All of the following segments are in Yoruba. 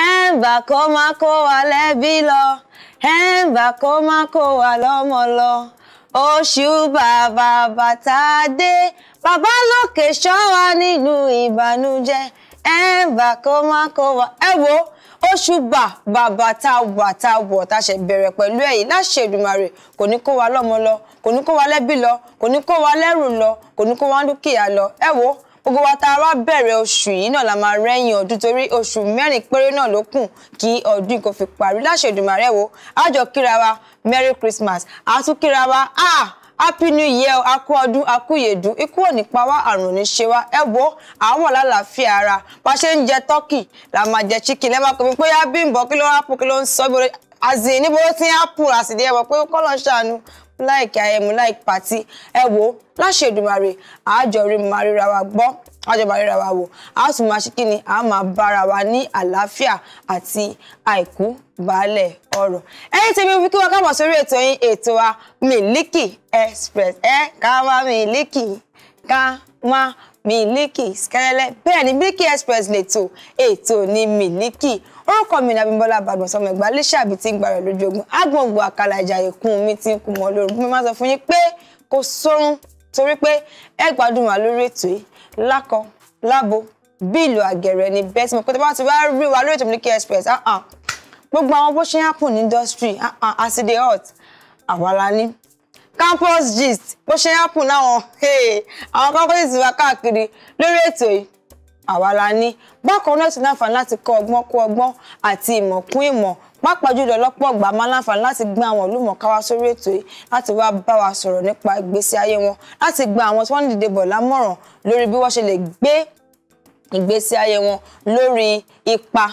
ẹ̀ǹbà kó má kó wa lẹ́bí lọ ẹ̀ǹbà kó má kó wa lọ́mọ lọ oṣù bàbá bàtà dé bàbá lókè ṣọ́ wa nínú ìbànújẹ́ ẹ̀ǹbà kó má kó wa ẹ wo oṣù bà bàbà tá wà tá wọ̀ tá ṣe bẹ̀rẹ̀ pẹ̀lú ẹ̀yìn láṣẹ Èdùmàrè kò ní kó wa lọ́mọ lọ kò ní kó wa lẹ́bí lọ kò ní kó wa lẹ́rù lọ kò ní kó wa dúkìá lọ ẹ wo gbogbo wa tá a wá bẹ̀rẹ̀ oṣù yìí náà la máa rẹ́yìn ọdún torí oṣù mẹ́rin péré náà ló kù kí ọdún kò fi parí láṣẹ Èdùmàrè wo a kíra wa merry christmas a kíra wa ah happy new year o akú ọdún akú yèdùn ikú òní pa wá àrùn ní ṣe wá ẹ wo àwọn lálàáfíà ara bá ṣe ń jẹ tọ́kì la máa jẹ chicken lẹ́ẹ̀ máa pè mí pé yá Bímbọ́ kí ló ń hapò kí ló ń sọ bí azìn ti ń hapò àsìdí ẹ̀wọ̀ pé kọ́ lọ́ọ́ ṣàánú láìkí ayẹmu láìkí pàtí ẹ wò láṣẹ Èdùmàrè àájọrí máa ríra wa gbọ́ àjọ máa ríra wa wò a tún máa ṣe kí ni a máa bára wa ní àlàáfíà àti àìkú baálẹ̀ ọ̀rọ̀ ẹ̀yin tèmi wíkí wa káàbọ̀ sórí ètò yín ètò wa Miliki Express ẹ ká wá Miliki ká wá Miliki skẹlẹlẹ bẹ́ẹ̀ ni Miliki Express lè tò ètò ní Miliki orúkọ mi ni Abímbọ́lá Badmus ọmọ Ẹ̀gbá léṣe àbí tí ń gbà rẹ̀ lójú ogun agbọ̀ngbò àkàlà ìjà ìkún mi ti ń kun mọ́ lóru mo máa sọ fún yín pé kò sórun torí pé ẹ gbádùn wà lórí ètò yìí lákọ lábo bí ìlú ni bẹ́ẹ̀ tí mo pẹ́ bá ti wá rí wa lórí ètò Miliki Express ah, ah, gbogbo àwọn bó ṣe ń hàpùn ní industry àsìdè ah, hot àwàlá ní campus gist bó ṣe ń hàpùn láwọn àwọn campus ti wá káàkiri lórí ètò yìí àwa la ní bákan náà ti láǹfààní láti kọ́ ọgbọ́n kó ọgbọ́n àti ìmọ̀ kún ìmọ̀ pápá jùlọ lọ́pọ̀ ọgbà máa láǹfààní láti gbé àwọn olùmọ̀ọ́ká wá sórí ètò yìí láti wá bá wa sọ̀rọ̀ nípa ìgbésí ayé wọn láti gba àwọn tí wọ́n ń dìde bọ̀ lámọ̀ràn lórí bí wọ́n ṣe lè gbé ìgbésí ayé wọn lórí ipa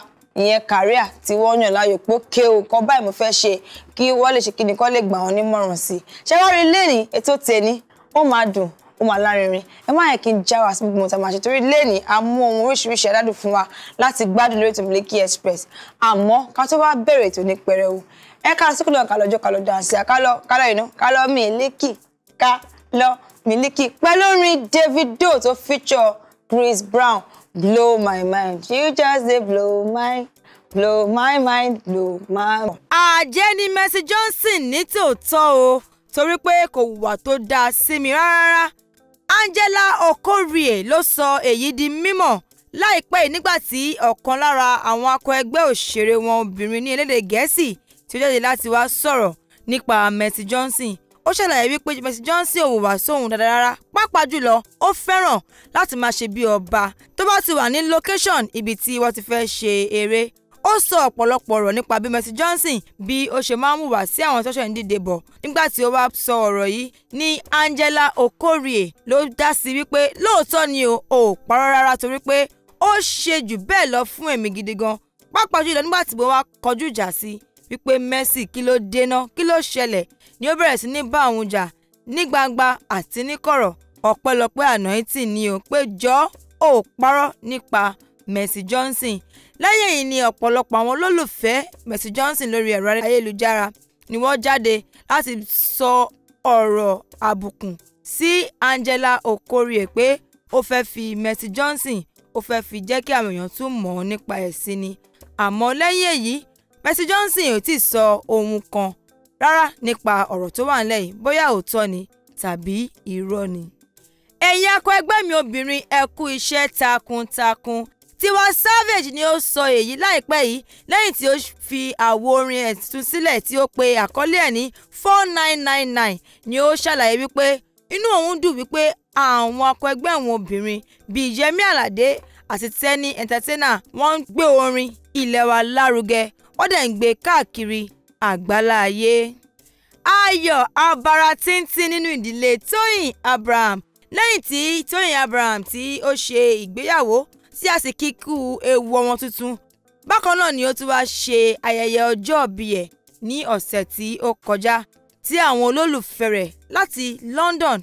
ìyẹn kàríà tí wọ́n yàn láàyò pé ké o kan báyìí mo fẹ́ ṣe kí wọ́n lè ṣe kí nìkan lè gbà wọ́n nímọ̀ràn sí i ṣé wọ́n rí lẹ́yìn ètò tèmi ó máa dùn ó máa ẹ má yẹ kí n jáwà sí gbogbo nǹkan àṣẹ torí lẹ́ẹ̀ni a mú ohun oríṣiríṣi aládùn fún wa láti gbádùn lórí ètò Express àmọ́ ká tó wá bẹ̀rẹ̀ ètò ní pẹrẹwu ẹ ká síkúlù ọ̀kà lọ́jọ́ ká dànsì àkálọ́ kálọ́ ìnú kálọ́ Miliki ká lọ Miliki pẹ̀lú orin Davido tó feature Chris Brown blow my mind you just dey blow my blow my mind blow my mind. àjẹ́ ni Mercy Johnson ní tòótọ́ o torí pé kò wùwà tó dáa sí mi rárá Angela Okorie ló sọ èyí di mímọ̀ láìpẹ́ yìí nígbà tí ọ̀kan lára àwọn akọ ẹgbẹ́ òṣèré wọn obìnrin ní elédè Gẹ̀ẹ́sì tí ó jáde láti wá sọ̀rọ̀ nípa Mercy Johnson ó ṣàlàyé wípé Mercy Johnson ò wà sóhun dáadáa rárá pàápàá jùlọ ó fẹ́ràn láti máa ṣe bí ọba tó bá ti wà ní location ibi tí wọ́n ti fẹ́ ṣe eré ó sọ ọ̀pọ̀lọpọ̀ ọ̀rọ̀ nípa bí Mercy Johnson bí ó ṣe máa ń hùwà sí àwọn ṣọ́ṣọ́ ìdíje bọ̀ nígbà tí ó wá sọ ọ̀rọ̀ yìí ní Angela Okorie ló dá sí wípé lóòótọ́ ni o ò parọ́ rárá torí pé ó ṣe jù bẹ́ẹ̀ lọ fún èmi gidi gan pàápàá jùlọ nígbà tí mo wá kọjú ìjà sí wípé Mercy kí ló dénà kí ló ṣẹlẹ̀ ni ó bẹ̀rẹ̀ sí ní bá òun jà ní gbangba àti ní kọ̀rọ̀ ọ̀pẹ́lọpẹ́ àná ni o pé jọ́ ò parọ́ nípa Mercy Johnson lẹ́yìn èyí ni ọ̀pọ̀lọpọ̀ àwọn olólùfẹ́ Mercy Johnson lórí ẹ̀rọ ayélujára ni wọ́n jáde láti sọ ọ̀rọ̀ àbùkù sí Angela Okorie pé ó fẹ́ fi Mercy Johnson ó fẹ́ fi jẹ́ kí àwọn èèyàn tún mọ̀ ọ́ nípa ẹ̀ sí ni àmọ́ lẹ́yìn èyí Mercy Johnson ò tí ì sọ ohun kan rárá nípa ọ̀rọ̀ tó wà nílẹ̀ yìí bóyá òótọ́ ni tàbí irọ́ ni. ẹ̀yin akọ ẹgbẹ́ mi obìnrin ẹ kú iṣẹ́ takuntakun Tiwa Savage ni ó sọ èyí láìpẹ́ yìí lẹ́yìn tí ó fi àwo orin ẹ̀ tuntun sílẹ̀ tí ó pe àkọlé ẹ̀ ní four nine nine nine ni ó ṣàlàyé wípé inú òun dùn wípé àwọn akọẹgbẹ́ òun obìnrin bíi Yẹmí Aládé àti Tẹ́ni entertainer wọ́n ń gbé orin ilẹ̀ wa lárugẹ wọ́n dẹ̀ ń gbé káàkiri àgbáláyé. Ayọ̀ abara tíntín nínú ìdílé Tóyìn Abraham lẹ́yìn tí Tóyìn Abraham tí ó ṣe ìgbéyàwó tí a sì kíkú ewu ọmọ tuntun bákan náà ni ó tún wá ṣe ayẹyẹ ọjọ́òbí ẹ̀ ní ọ̀sẹ̀ tí ó kọjá tí àwọn olólùfẹ́ rẹ̀ láti London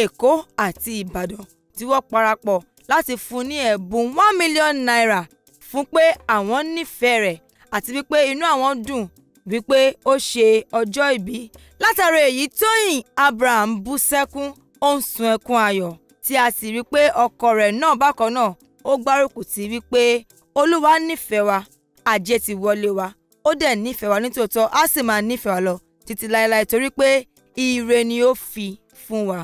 Èkó àti Ìbàdàn tí wọ́n parapọ̀ láti fún ní ẹ̀bùn one million naira fún pé àwọn nífẹ̀ẹ́ rẹ̀ àti wípé inú àwọn dùn wípé ó ṣe ọjọ́ ìbí látara èyí Tóyìn Abraham bú sẹ́kún ó ń sun ẹkún ayọ̀ tí a sì rí i pé ọkọ rẹ̀ náà bákan náà ó gbárùkù ti wípé olúwa nífẹ̀ẹ́ wa àjẹ́ ti wọlé wa ó dẹ̀ nífẹ̀ẹ́ wa nítòótọ́ á sì máa nífẹ̀ẹ́ wa lọ títí láéláé torí pé ire ni ó fi fún wa.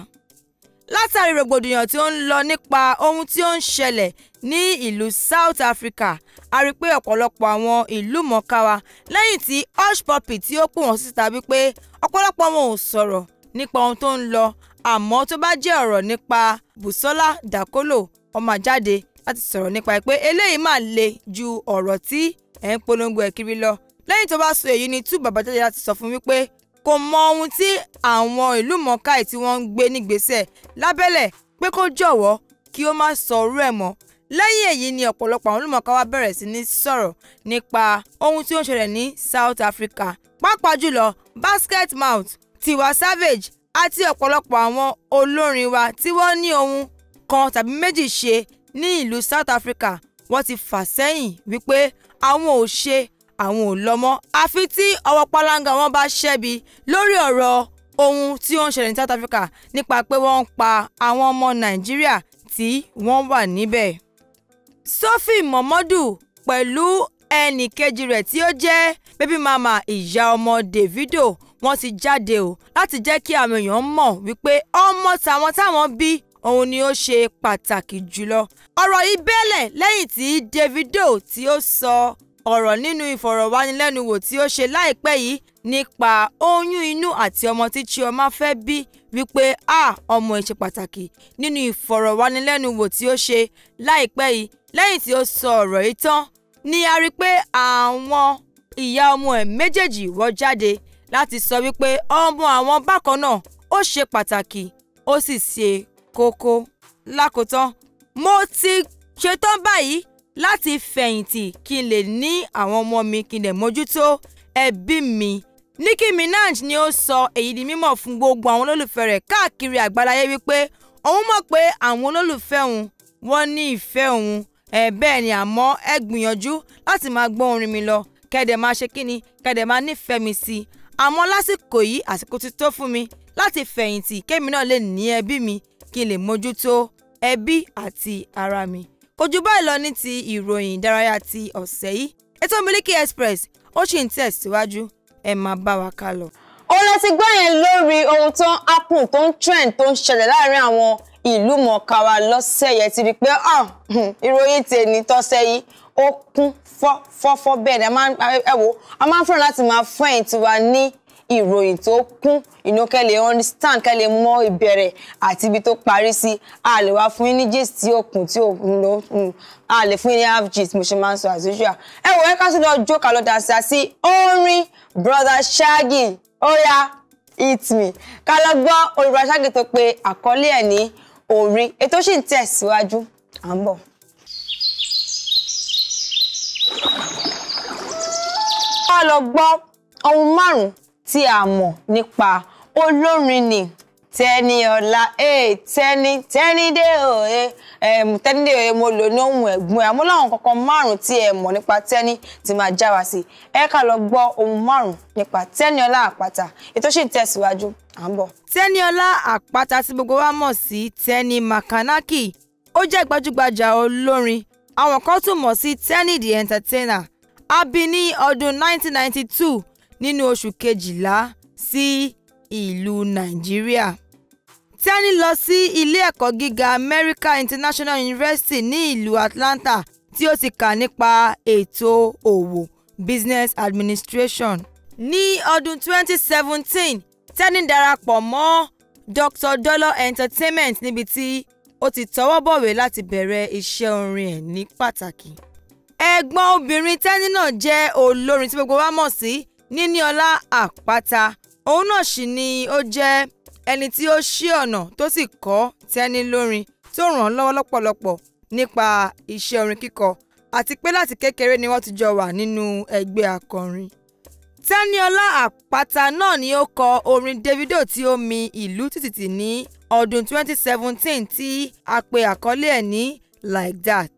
látàrí rògbòdìyàn tí ó ń lọ nípa ohun tí ó ń ṣẹlẹ̀ ní ìlú South Africa a rí i pé ọ̀pọ̀lọpọ̀ àwọn ìlú mọ̀ọ́ká wa lẹ́yìn tí Hush Puppy tí ó pò wọ́n síta wípé ọ̀pọ̀lọpọ̀ wọn ò sọ̀rọ̀ nípa ohun tó ń lọ àmọ́ tó bá jẹ́ ọ̀rọ̀ nípa Bùsọ́lá Dàkólò ọmọ àjáde láti sọ̀rọ̀ nípa ẹ̀ pé eléyìí máa le ju ọ̀rọ̀ tí ẹ̀ ń polongo ẹ̀ kiri lọ lẹ́yìn tó bá sọ èyí ni tú bàbá jáde láti sọ fún wípé kò mọ ohun tí àwọn ìlú mọ̀ọ́ká ẹ̀ tí wọ́n ń gbé nígbésẹ̀ lábẹ́lẹ̀ pé kó jọ̀wọ́ kí ó má sọ orú ẹ̀ mọ́ lẹ́yìn èyí ni ọ̀pọ̀lọpọ̀ àwọn olùmọ̀ọ́ká wa bẹ̀rẹ̀ sí ní sọ̀rọ̀ nípa ohun tí ó ń ṣẹlẹ̀ ní South Africa pàápàá jùlọ Basket Mouth Tiwa Savage àti ọ̀pọ̀lọpọ̀ àwọn olórin wa tí wọ́n ní ohun kan tàbí méjì ṣe ní ìlú South Africa wọ́n ti fà sẹ́yìn wípé àwọn ò ṣe àwọn ò lọ́mọ́ àfi tí ọwọ́ pálángá wọn bá ṣẹ́bi lórí ọ̀rọ̀ ohun tí ó ń ṣẹlẹ̀ ní South Africa nípa pé wọ́n ń pa àwọn ọmọ Nàìjíríà tí wọ́n wà níbẹ̀. Sophie Momodu pẹ̀lú ẹnì kejì rẹ̀ tí ó jẹ́ baby mama ìyá ọmọ Davido wọ́n ti jáde o láti jẹ́ kí àwọn èèyàn mọ̀ wípé ọmọ tàwọn táwọn bí òun ni ó ṣe pàtàkì jùlọ. ọ̀rọ̀ yìí bẹ́lẹ̀ lẹ́yìn tí Davido tí ó sọ ọ̀rọ̀ nínú ìfọ̀rọ̀wánilẹ́nuwò tí ó ṣe láìpẹ́ yìí nípa oyún inú àti ọmọ tí Chioma fẹ́ bí wípé a ọmọ ẹ̀ ṣe pàtàkì nínú ìfọ̀rọ̀wánilẹ́nuwò tí ó ṣe láìpẹ́ yìí lẹ́yìn tí ó sọ ọ̀rọ̀ yìí tán ni a rí pé àwọn ìyá ọmọ ẹ̀ méjèèjì wọ́ jáde láti sọ wípé ọmọ àwọn bákan náà ó ṣe pàtàkì ó sì ṣe Koko, lákòótán mo ti ṣetán báyìí láti fẹ̀yìntì kí n lè ní àwọn ọmọ mi kí n lè mójútó ẹbí mi Nicki Minaj ni ó sọ èyí di mímọ̀ fún gbogbo àwọn olólùfẹ́ rẹ̀ káàkiri àgbáláyé wípé òun mọ̀ pé àwọn olólùfẹ́ òun wọ́n ní ìfẹ́ òun ẹ̀ bẹ́ẹ̀ ni àmọ́ ẹ gbìyànjú láti máa gbọ́ orin mi lọ kẹ́dẹ̀ máa ṣe kíni kẹ́dẹ̀ máa nífẹ̀ẹ́ mi sí i àmọ́ lásìkò yìí àsìkò ti tó fún mi láti fẹ̀yìntì kémi náà lè ní ẹbí mi kí n lè mójútó ẹbí àti ara mi kò jù báyìí lọ ní ti ìròyìn ìdárayá ti ọ̀sẹ̀ yìí ètò Miliki Express ó sì ń tẹ̀síwájú ẹ máa bá wa ká lọ. ó lọ ti gbọ́ yẹn lórí ohun tó ń apple tó ń trend tó ń ṣẹlẹ̀ láàrin àwọn ìlú mọ̀ọ́ká wa lọ́sẹ̀ yẹn ti di pé ah, hmm, ìròyìn tèmi tọ́sẹ̀ yìí ó kún fọ́fọ́fọ́ bẹ́ẹ̀ ni ẹ wo a máa ń fẹ́ràn láti máa fún ẹ̀yìn tiwa ní ìròyìn tó kún inú kẹ́lẹ̀ understand kẹ́lẹ̀ mọ ìbẹ̀rẹ̀ àti ibi tó parí sí a lè wá fún yín ní gist tí ó kún tí ó lò mm, a lè fún yín ní half gist mo ṣe máa ń sọ as usual ẹ wò ẹ ká sí lọ jó kà lọ sí orin brother Shaggy ó yá hit me ká lọ gbọ́ orin brother Shaggy tó pe àkọlé ẹ̀ ní orí ètò sì ń tẹ̀síwájú à ń bọ̀. ká lọ gbọ́ ohun márùn-ún tí a mọ̀ nípa olórin ni Tẹniọlá ee tẹni tẹnidé òye tẹnidé òye mo lò ní ohun ẹ̀gbọ́n ẹ̀ amúláwọn kankan márùn-ún tí ẹ mọ̀ nípa tẹni tí máa já wa sí ẹ ká lọ gbọ́ ohun márùn-ún nípa Tẹniọlá Àpáta ètò sì tẹ̀síwájú à ń bọ̀. Tẹniọlá Àpáta tí gbogbo wa mọ̀ sí Tẹni Makanaki ó jẹ́ gbajúgbajà olórin àwọn kan tún mọ̀ sí Tẹni the entertainer a bí ní ọdún 1992 nínú oṣù kejìlá sí ìlú nàìjíríà. tẹ́ni lọ sí ilé ẹ̀kọ́ gíga America International University ní ìlú Atlanta tí ó ti kà nípa ètò òwò business administration. ní ọdún 2017 tẹ́ni darapọ̀ mọ́ Dr. Dollar Entertainment níbi tí ó ti tọwọ́ bọ̀wé láti bẹ̀rẹ̀ iṣẹ́ orin ẹ̀ ní pàtàkì. ẹ̀gbọ́n obìnrin tẹ́ni náà jẹ́ olórin tí gbogbo wa mọ̀ sí níníọlá àpáta òun náà sì ni ó jẹ́ ẹni tí ó ṣí ọ̀nà tó sì kọ́ tẹ́ni lórin tó ràn án lọ́wọ́ lọ́pọ̀lọpọ̀ nípa iṣẹ́ orin kíkọ àti pé láti kékeré ni wọ́n ti jọ wà nínú ẹgbẹ́ akọrin. Tẹ́niọlá Àpáta náà ni ó kọ orin Davido tí ó mi ìlú tìtìtì ní ọdún 2017 tí a pè àkọlé ẹ̀ ní like that.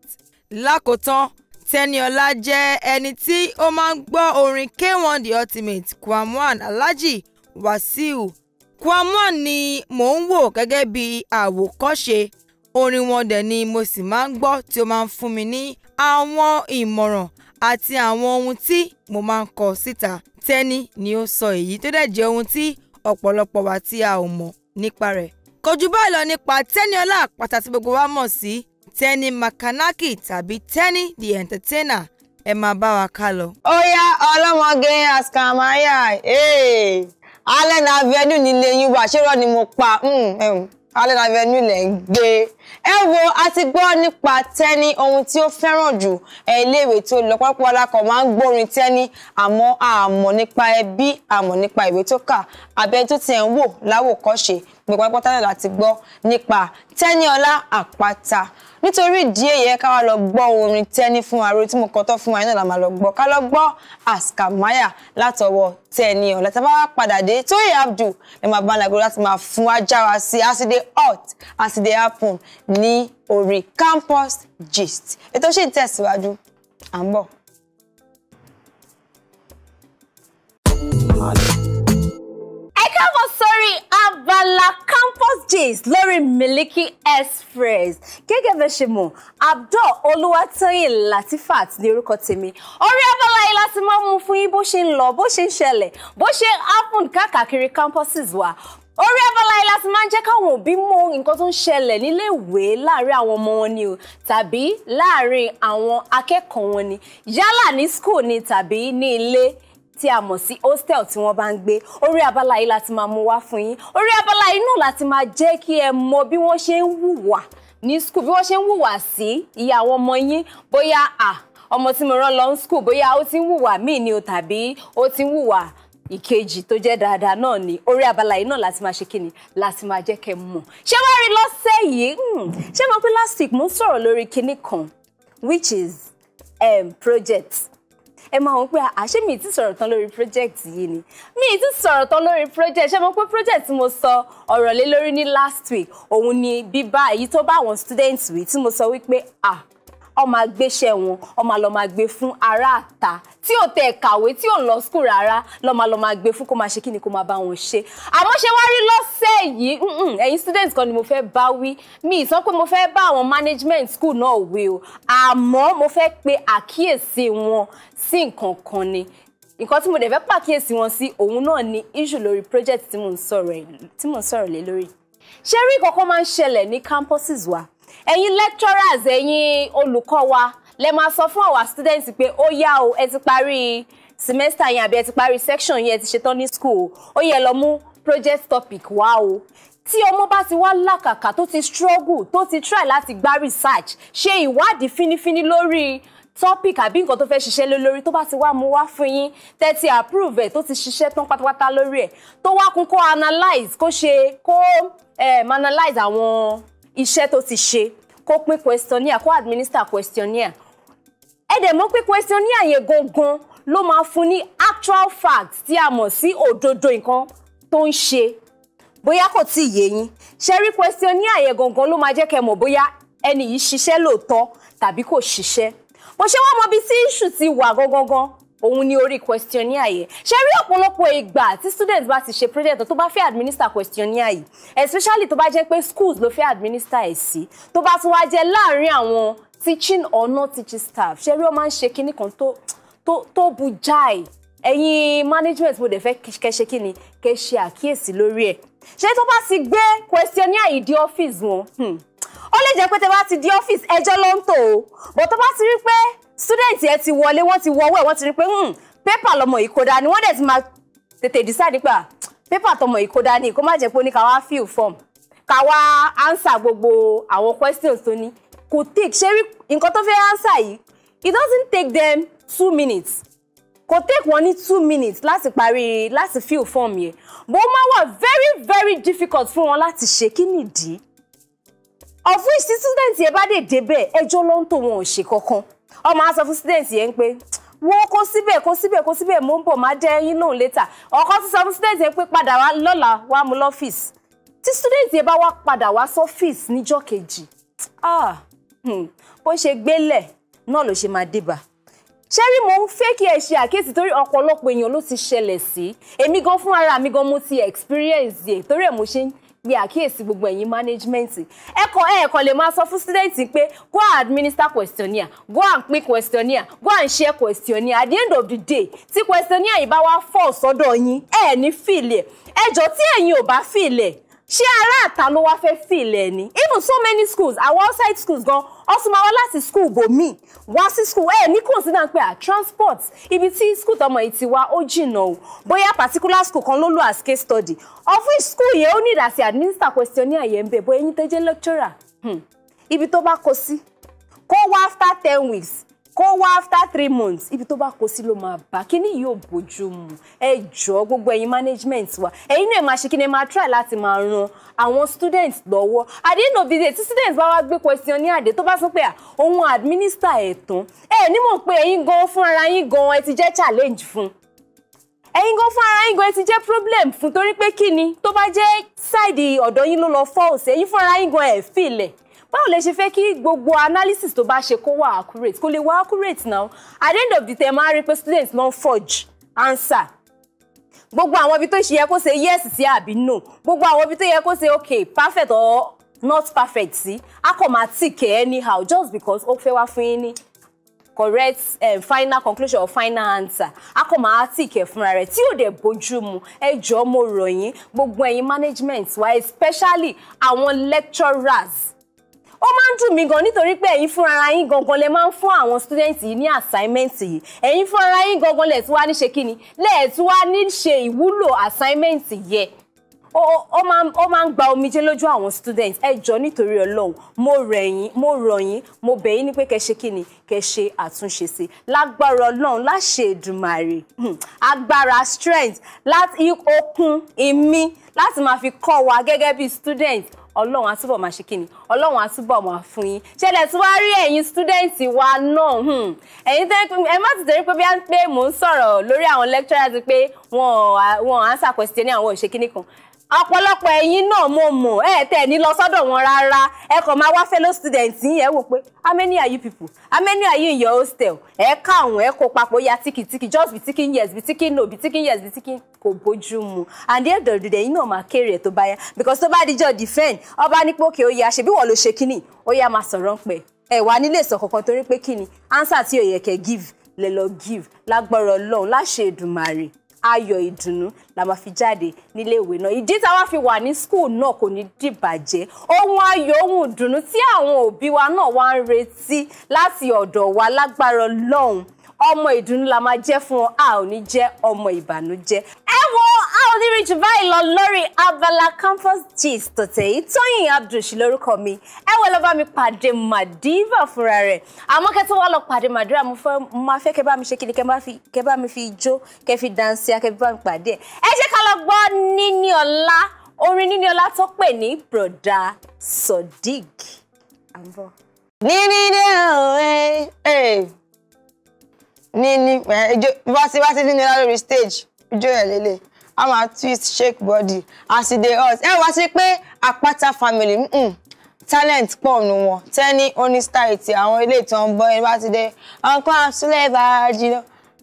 lákòótán Tẹ́niọlá jẹ́ ẹni tí ó máa ń gbọ́ orin K1 The Ultimate Kwamwan alaji Wasiu Kwamwan ni mò ń wò gẹ́gẹ́ bí àwòkọ́ṣe orin wọn dẹ̀ ni mo sì máa ń gbọ́ tí ó máa ń fún mi ní àwọn ìmọ̀ràn àti àwọn ohun tí mo máa ń kọ síta Tẹ́ni ni ó sọ èyí tó dẹ̀ jẹ́ ohun tí ọ̀pọ̀lọpọ̀ wa tí a ò mọ̀ nípa rẹ̀ kò jù báyìí lọ nípa Tẹ́niọlá àpáta gbogbo wa mọ̀ sí Tẹ́ni Makanaki tàbí Tẹ́ni the entertainer ẹ máa bá wa ká lọ. ó yá ọlọ́mọge àṣàmáyà Allen Avenue nílé yín wá ṣé rọ ni mo pa hmm, hmm. Allen Avenue lẹ́ ń gbé ẹ wo a ti gbọ́ nípa Tẹ́ni ohun tí ó fẹ́ràn jù ẹ iléèwé tó lọ pápá alákọ̀ máa ń gbórin Tẹ́ni àmọ́ àmọ̀ nípa ẹbí àmọ̀ nípa ìwé tó kà abẹ́ tó ti ẹ̀ ń wò láwòkọ́ṣe gbogbo pápátá láti gbọ́ nípa Tẹ́niọlá Àpáta nítorí ìdí èyẹ ká wá lọ gbọ́ orin Tẹ́ni fún aró tí mo kọ́ tọ́ fún wa náà la máa lọ gbọ́ ká lọ gbọ́ àsìkàmáyà látọwọ́ Tẹ́niọlá tá a bá wá padà dé Tóyè Abdul ẹ máa bá ń lagoro láti máa fún wa sí àsìdè e hot aside e happen ní orí Campus Gist ètò ṣì ń tẹ̀síwájú à ń bọ̀. abala Campus Gist lórí Miliki Express gẹ́gẹ́ bẹ́ẹ̀ ṣe mọ̀ Abdul Olúwatóyìn Latifat ní orúkọ tèmi orí abala yìí láti máa mú fún yín bó ṣe ń lọ bó ṣe ń ṣẹlẹ̀ bó ṣe ń happen káàkiri campuses wa orí abala ilá ti máa ń jẹ́ káwọn òbí mọ nǹkan tó ń ṣẹlẹ̀ níléèwé láàrin àwọn ọmọ wọn ni o tàbí láàrin àwọn akẹ́kọ̀ọ́ wọn ni yálà ní school ni tàbí ní ilé tí a mọ̀ sí hostel tí wọ́n bá ń gbé orí abala yìí láti máa mú wá fún yín orí abala yìí la láti máa jẹ́ kí ẹ mọ bí wọ́n ṣe ń hùwà ní school bí wọ́n ṣe ń hùwà sí ìyá àwọn ọmọ yín bóyá à ọmọ tí mo rán lọ ń school bóyá ó ti ń hùwà míì ni o tàbí ó ti ń hùwà ìkejì tó jẹ́ dáadáa náà ni orí abala yìí náà láti máa ṣe kíni láti máa jẹ́ kẹ́ mọ̀ ṣé wàá rí lọ́sẹ̀ yìí hmm. ṣé mo pé last week mo ń sọ̀rọ̀ lórí kíní kan which is um, project ẹ máa wọ pé àṣé mi ti sọ̀rọ̀ tán lórí project yìí ni mi ti sọ̀rọ̀ tán lórí project ṣé mo pé project tí mo sọ ọ̀rọ̀ lé lórí ní last week òun ni bíbá èyí tó bá àwọn students wí tí mo sọ wípé ah ọ máa gbéṣẹ́ wọn ọ máa lọ máa gbé fún aráàta tí ò tẹ̀ kàwé tí ò ń lọ skul rárá lọ máa lọ fún kó máa ṣe kí ni kó máa bá wọn ṣe àmọ́ ṣe wá rí lọ́sẹ̀ yìí ẹ̀yin students kan ni mo fẹ́ bá wí mi ì sọ pé mo fẹ́ bá àwọn management school náà wí o àmọ́ mo fẹ́ pe àkíyèsí wọn sí nǹkan kan ni nǹkan tí mo dẹ̀ fẹ́ pàkíyèsí wọn sí òun náà ni issue lórí project tí mò ń sọ̀rọ̀ lé lórí. ṣé rí kọ́kọ́ máa ń ṣẹlẹ̀ ní campuses wa ẹ̀yin lecturers ẹ̀yin olùkọ́ wa lẹ máa sọ fún àwa students pé ó yá o ẹ ti parí semester yẹn àbí ẹ ti parí section yẹn ẹ ti ṣetán ní school ó yẹ lọ mú project topic wá o tí ọmọ bá ti wá làkàkà tó ti struggle tó ti try láti gba research ṣe ìwádìí fínífíní lórí topic àbí nǹkan tó fẹ́ ṣiṣẹ́ lé lórí tó bá ti wá mú wá fún yín tẹ́tí approve ẹ̀ tó ti ṣiṣẹ́ tán pátápátá lórí ẹ̀ tó wá kún kó analyze kó ṣe kó um, eh, analyze àwọn iṣẹ́ tó ti ṣe kó pín questionnaire kó administer questionnaire ẹ dẹ̀ mọ̀ pé questionnaire yẹn gangan ló máa fún ní actual facts tí a mọ̀ sí òdodo nǹkan tó ń ṣe bóyá kò tí ì yé yín ṣe rí questionnaire yẹn gangan ló máa jẹ́ kẹ́ mọ̀ bóyá ẹni yìí ṣiṣẹ́ lóòótọ́ tàbí kò ṣiṣẹ́ mo ṣe wá mọ̀ bí tí issue ti wà gangan òun ni orí questionnaire yẹn ṣe rí ọ̀pọ̀lọpọ̀ ìgbà tí student bá ti ṣe project tó bá fẹ́ administer questionnaire yìí especially tó bá jẹ́ pé schools ló fẹ́ administer ẹ̀ sí tó bá tún wá jẹ́ láàrin àwọn teaching or not teaching staff ṣe rí ọ máa ń ṣe kinní kan tó tó tó bu jáì ẹ̀yin management mo dẹ̀ fẹ́ kẹ́ ṣe kinní kẹ́ ṣe àkíyèsí lórí ẹ̀ ṣé tó bá ti gbé questionnaire yìí di office wọn hmm ó lè jẹ́ pé tẹ bá ti di ọ́fíìsì ẹjọ́ ló ń tò ó bọ̀ tó bá ti rí pé student ẹ ti wọlé wọ́n ti wọwọ́ ẹ̀ wọ́n ti rí pé hmm, pépà lọmọ yìí kò dáa wọ́n dẹ̀ ti máa tètè decide pé ah, pépà tọmọ yìí kò dáa ni kó má jẹ́ pé ó ní ká wá fill form ká wá answer gbogbo àwọn questions tó ní kò take ṣé rí nǹkan tó fẹ́ answer yìí it doesn't take them two minutes kò take wọn ní two minutes láti parí láti fill form yẹn bó máa wà very very difficult fún wọn láti ṣe kí nìdí of which tí student yẹn bá dè débẹ̀ ẹjọ́ ló ń tò wọn ò ṣe kankan ọmọ á sọ fún student yẹn pé wọ́n kó síbẹ̀ kó síbẹ̀ kó síbẹ̀ mò ń bọ̀ má jẹ́ yín lóhùn létà ọkọ tí sọ fún student yẹn pé padà wá lọ́la wá mú lọ́fíìsì tí student yẹn bá wá padà wá sọ́fíìsì níjọ́ kejì ah, hmm, bó ṣe gbélẹ̀ náà ló ṣe máa débà ṣé rí mo ń fẹ́ kí ẹ ṣe àkíyèsí torí ọ̀pọ̀lọpọ̀ èèyàn ló ti ṣẹlẹ̀ sí èmi gan fún ara mi gan mo ti experience yẹ torí ẹ̀ mo ṣe ń yẹ àkíyèsí gbogbo ẹ̀yin management ẹ̀kọ́ ẹ̀kọ́ lè máa sọ fún student pé go and administer questionnaire go and pín questionnaire go and share questionnaire at the end of the day tí questionnaire yìí bá wá fọ́ sọ́dọ̀ yín ẹ̀ ní fìlẹ̀ ẹjọ́ tí ẹ̀yin ò bá fìlẹ̀ ṣé aráàta ló wá fẹ́ fi ilẹ̀ ni even so many schools àwọn outside schools gan ọsùn máa wá láti school bòmí wá sí school ẹ ní consider pé à ah, transport ibi tí school tọmọ yìí ti wá ó jìnnà o bóyá particular school kan ló lò as case study of which school yẹn ó ní ìdásí administer questionnaire yẹn ń bẹ bóyá eyín tẹ́jẹ́ lecturer hmm. ibi tó bá kó sí kó wá after ten weeks kó wá after three months ibi tó bá kó sí ló máa bá kíní yóò bójú mu ẹ jọ gbogbo ẹ̀yin management wa ẹ̀yin náà máa ṣe kí ni máa try láti máa ran àwọn students lọ́wọ́ àdéhùn òbí dé tí students bá wá gbé question ní àdé tó bá sọ pé òun administer ẹ̀ tán ẹ ní mọ̀ pé ẹ̀yin gan fún ara yín gan ẹ ti jẹ́ challenge fún ẹ̀yin gan fún ara yín gan ẹ ti jẹ́ problem fún torí pé kí ni tó bá jẹ́ side ọ̀dọ̀ yín ló lọ fọ́ òsè ẹ̀yin fún ara yín gan ẹ̀ fìlẹ̀ báwo lẹ ṣe fẹ́ kí gbogbo analysis tó bá ṣe kó wà accurate kó lè wà accurate now at the end of the term máa rí pé students máa forge answer gbogbo àwọn ibi tó ṣe yẹ kó ṣe yes sí àbí no gbogbo àwọn ibi tó yẹ kó ṣe okay perfect or not perfect sí a kò anyhow just because ó fẹ́ wá fún yín ní correct um, final conclusion or final answer akọ̀mọ̀ àti ìkẹ̀fúnra rẹ̀ tí ò dẹ̀ bójú mu ẹjọ́ mo rọ̀ gbogbo ẹ̀yin management wa especially àwọn lecturers ó máa ń dùn mí gan nítorí pé ẹ̀yin fúnra ara yín gangan lẹ máa ń fún àwọn students yìí ní assignment yìí ẹ̀yin fúnra ara yín gangan lẹ̀ tí wàá ní ṣe kíni lẹ̀ tí wàá ní ṣe ìwúlò assignment yẹ ó máa ń gba omijé lójú àwọn students ẹ jọ nítorí Ọlọ́run mo rẹ̀ yín mo rọ̀ yín mo bẹ̀ yín ní pé kẹ́ ṣe kíni kẹ́ ṣe àtúnṣe sí lágbára Ọlọ́run láṣẹ Èdùmàrè agbára strength láti okun ìmí láti máa fi kọ́ wa gẹ́gẹ́ bí students ọlọ́run á túbọ̀ máa ṣe kíni ọlọ́run á túbọ̀ máa fún yín ṣẹlẹ̀ tí wàá rí ẹ̀yin stúdẹ̀ǹtì wa náà hmm. ẹ̀yin tẹ́ ẹ má ti tẹ̀rí pé bí a ń pé mò ń sọ̀rọ̀ lórí àwọn lecturers pé wọ́n á sà question ní àwọn òṣèkíní kan ọ̀pọ̀lọpọ̀ ẹ̀yin náà mo mọ̀ ẹ̀ tẹ̀ ní lọ sọ́dọ̀ wọn rárá ẹ kàn máa wá fellow students yín ẹ wò pé how many are you people how many are you in your hostel ẹ ká àwọn ẹ kó papọ̀ ya tíkìtíkì just be thinking yes be thinking no be thinking yes be thinking kò bójú mu and the end of day yín náà máa kéré ẹ̀ tó bá because tó bá díjọ́ defend ọba nípò òkè ó yẹ àṣebí wọ́n ló ṣe kínní ó yá máa sọ̀rọ̀ ń pẹ́ ẹ̀ wà nílé ìsọ̀ kankan torí pé kínní answer tí ò yẹ kẹ́ give lè lọ give lágbọ́rọ̀ Ọlọ́run láṣẹ Èdùmàrè ayọ̀ ìdùnnú la máa fi jáde nílé náà ìdí táwa fi wà ní school náà kò ní dìbàjẹ́ ohun ayọ̀ ohun ìdùnnú tí àwọn òbí wa náà wá ń retí láti ọ̀dọ̀ wa lágbára Ọlọ́run ọmọ ìdùnnú la máa jẹ́ fún ọ a ò ní jẹ́ ọmọ ìbànújẹ́ rí jù báyìí lọ lórí abala campus gist tòtẹ́yì tóyìn abdulshi lórúkọ mi ẹ wọ lọ bá mi pàdé madiva fúnra rẹ̀ àmọ́ kẹ́ tó wá lọ pàdé madiva mo fẹ́ máa fẹ́ kẹ́ bá mi ṣe kíni kẹ́ bá mi fi jó kẹ́ fi dansi kẹ́ bá mi pàdé ẹ jẹ́ ká lọ gbọ́ níní ọlá orin níní ọlá tó pè ní broda sodiq àbọ̀. níní dé òwe níní bá ti bá ti níní ọlá lórí stage ijó ẹ̀ lélẹ̀ a máa twist shake body as e dey hot ẹ wá sí pé àpáta family mm, talent pọ̀ nù wọn tẹ́ni onísítàì tí àwọn ilé ìtàn ń bọ́ ẹni bá ti dé uncle amsule ìbáraji lọ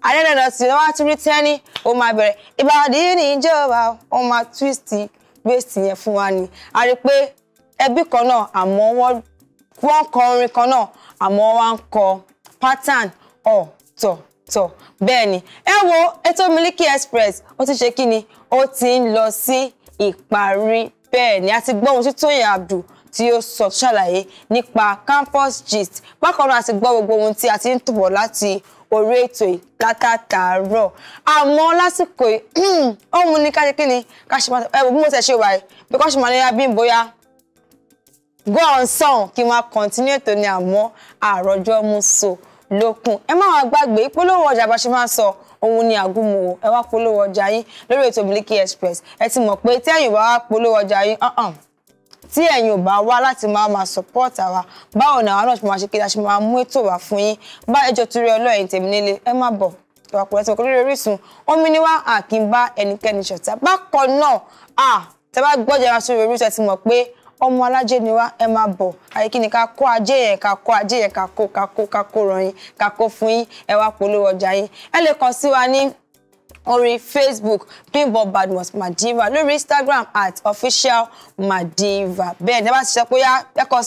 adẹ́dọ̀dọ̀ sí lọ́wọ́ tún rí tẹ́ni ó máa bẹ̀rẹ̀ ìbàdí níjọba ó máa twist gbèsè yẹn fún wa ni a rí i pé ẹbí kan náà àmọ́ wọ́n wọ́n kọ orin kan náà àmọ́ wọ́n á ń kọ pattern ọ̀tọ̀ tọ̀ bẹ́ẹ̀ ni ẹ wo ètò Miliki Express ó ti ṣe kí ni ó ti ń lọ sí ìparí bẹ́ẹ̀ ni a ti gbọ́ Abdul tí ó sọ ṣàlàyé nípa campus gist bákan náà a ti gbọ́ gbogbo ohun tí a ti ń tọ̀bọ̀ láti orí ètò látàtàárọ̀ àmọ́ lásìkò ọ̀hún ní káṣe kíni káṣe máa ẹ bí mo ṣe ṣe wà bí káṣe máa lẹ́yà bóyá go on song, kí n máa continue ètò ni àmọ́ àròjọ́ mú so lókun ẹ má wàá gbàgbé ìpolówó ọjà bá ṣe máa sọ òun ni àgúnmu o ẹ wá polówó ọjà yín lórí ètò Miliki Express ẹ ti mọ̀ pé tẹ́yìn bá wá polówó ọjà yín uh-uh. tí ẹ̀yin ò bá wá láti máa máa support àwa báwo ni àwọn náà ṣe máa ṣe kí a ṣe máa mú ètò wá fún yín bá ẹjọ́ torí ọlọ́ọ̀yìn tèmi nílé ẹ má bọ̀ ìwà pẹ̀lú ẹ̀sìn òkúrò Orísun omi ni àkínbá ẹnikẹ́ni ṣọ̀tá bákan náà tẹ bá gbọ́jà wá sórí Orísun ẹ ti mọ̀ pé ọmọ alájẹ ni wá ẹ máa bọ̀ àyè kí ni ká kó ajé yẹn ká kó ajé yẹn ká kó ká kó ká kó ràn yín ká kó fún yín ẹ wá polówó ọjà yín ẹ lè kàn sí wa ní orí facebook bimbo badmus madiva lórí instagram at official madiva bẹ́ẹ̀ ní ẹ bá ti sọ pé yá ẹkọ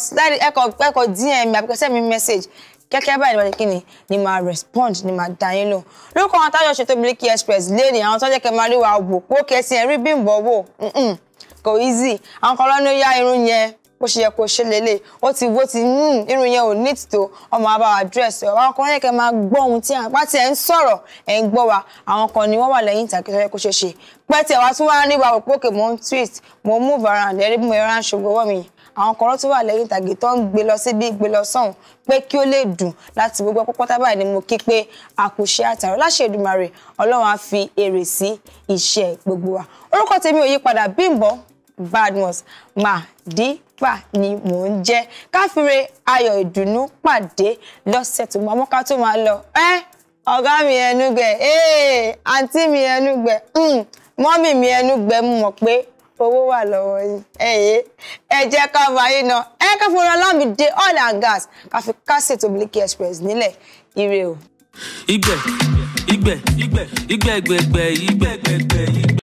ẹkọ ẹkọ dm àbíkọ send mi message kẹ́kẹ́ báyìí níwájú kí ni ni máa respond ni máa dá yín lò lórúkọ àwọn táyọ̀ ṣètò Miliki Express lé ní àwọn tó jẹ́ kẹ́ máa rí wa wò pókè sí ẹ̀rí bímbọ̀ wò kò easy àwọn kan lọ́nà yá irun yẹn bó ṣe yẹ kó ṣe lélẹ̀ ó ti wó ti hmm, irun yẹn ò ní tìtò ọmọ àbá wa dírẹ̀sì ọ̀ àwọn kan yẹ kẹ́ máa gbọ́ ohun tí àpá tí ẹ̀ ń sọ̀rọ̀ ẹ̀ ń gbọ́ wa àwọn kan ni wọ́n wà lẹ́yìn ìtàkì tó yẹ kó ṣe ṣe pẹ́ẹ́tì ẹ̀ wá tún wá nígbà òpókè mò ń tweet mò ń move around ẹ̀rí bí mo ẹ̀rọ à ń ṣògbó wọ́ mi àwọn kan tó wà lẹ́yìn ìtàgé tó ń gbé lọ síbí gbé lọ sọ́hùn pé kí ó lè dùn láti gbogbo ọpọ́ pátá báyìí ni mo kí pé àkùṣe àtàrà láṣẹ Èdùmàrè Ọlọ́run á fi èrè sí iṣẹ́ gbogbo wa orúkọ tèmi ò yí padà Bímbọ́ Badmus Madipa ni mò ń jẹ́ káfíńre ayọ̀ ìdùnnú pàdé lọ́sẹ̀ tó máa mọ́ká to ma lo ẹ́ oga mi ẹnu gbẹ àǹtí mi enugbe gbẹ hmm, mọ́mì mi ẹnu gbẹ pe pé wa lowo lọ́wọ́ yìí ẹ̀yẹ́ ẹ jẹ́ ká bá yín náà ẹ ká fún Ọlámídé oil and gas ka fi kásẹ̀tì Miliki Express nile ire o. igbe igbe igbe igbe gbẹgbẹ igbe gbẹgbẹ igbe.